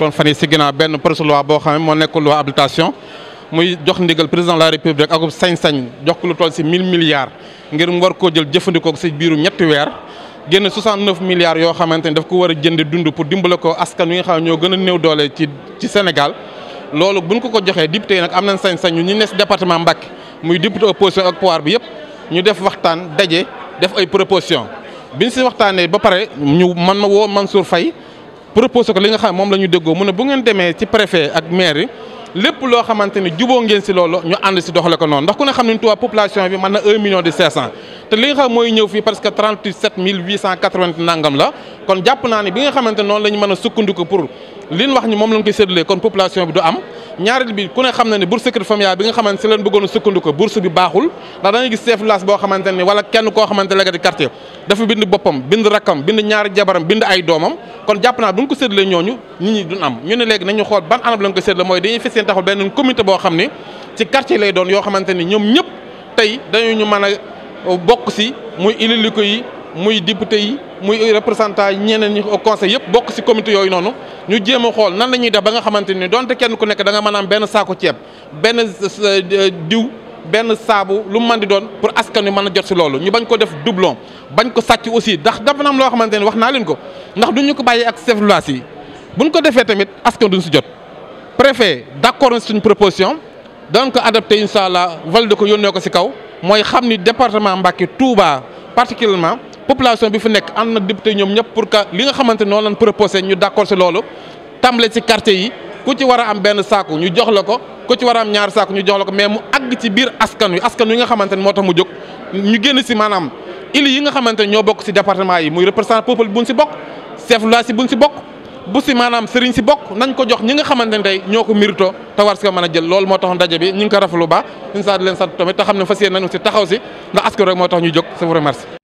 toon fan yi si ginnaaw benn projet loi boo xam ne moo nekk loi habilitation muy jox ndigal président de la république ak sañ-sañ jox ko lu toll si 1000 milliards ngir mu war koo jël jëfandikoo si biiru ñetti weer génn 69 milliards yoo xamante ni daf ko war a jënd dund pour dimbale ko askan wi nga xam ñoo gën a néew doole ci ci Sénégal. loolu buñ ko ko joxee député yi nag am nañ sañ-sañ ñu ne si département Mbacké muy député opposition ak pouvoir bi yëpp ñu def waxtaan daje def ay proposition biñ si waxtaanee ba pare ñu man ma woo Mansour Faye. proposé ko li nga xam moom la ñu déggoo mu ne bu ngeen demee ci préfet ak maire yi lépp loo xamante ni juboo ngeen si loolu ñu ànd si doxale ko noonu ndax ku ne xam ne Touba population bi mën na un million de cinq cent te li nga xam mooy ñëw fii parce nangam la kon jàpp naa ne bi nga xamante noonu la mën a sukkandiku pour li wax ni moom la ñu koy kon population bi du am ñaareel bi ku ne xam na ne bourse secret familial bi nga xamante si leen bëggoon sukkandiku bourse bi baaxul ndax danga gis chef village boo xamante ne wala kenn koo xamante la nga di quartier dafa bind boppam bind rakkam bind ñaari jabaram bind ay doomam kon jàpp naa bu ñu ko séddalee ñooñu nit ñi duñ am ñu ne léegi nañu xool ban anam la ñu ko séddale mooy dañuy feseen taxul benn comité boo xam ne ci quartier lay doon yoo xamante ni ñoom ñëpp tey dañu ñu mën a bokk si muy ililiku yi muy député yi muy représentant ñeneen ñi au conseil yëpp bokk ci comité yooyu noonu ñu jéem a xool nan la ñuy def ba nga xamante doon donte kenn ku nekk da nga benn saako ceeb benn euh, diw benn saabu lu man di doon pour askan wi mën a jot si loolu ñu bañ ko def doublon bañ ko sàcc aussi ndax dafa am loo xamante ne wax naa leen ko ndax ñu ko bàyyee ak chef lois yi buñ ko defee tamit askan duñ si jot préfet d'accord na suñu proposition donc adapté incha allah valide ko yónnee ko ci kaw mooy xam ni département Mbacké Touba particulièrement population bi fi nekk ànd nag député ñoom ñëpp pour que li nga xamante noonu lañ proposé ñu d'accord ci loolu tàmbale ci quartier war am benn saaku ñu jox la ko ku war a ñaar saaku ñu jox la ko mais mu àgg ci biir askan wi askan wi nga ne moo tax mu jóg ñu génn ci maanaam nga xamante ne ñoo bokk ci département yi muy représentant peuple buñ bokk chef loi ko jox ñi nga xamante ne ñoo ko mérito war ci ko a jël loolu moo taxoon daje bi ñu ngi ko rafetlu baax insha Allah di leen sant tamit te xam rek moo tax ñu jóg je vous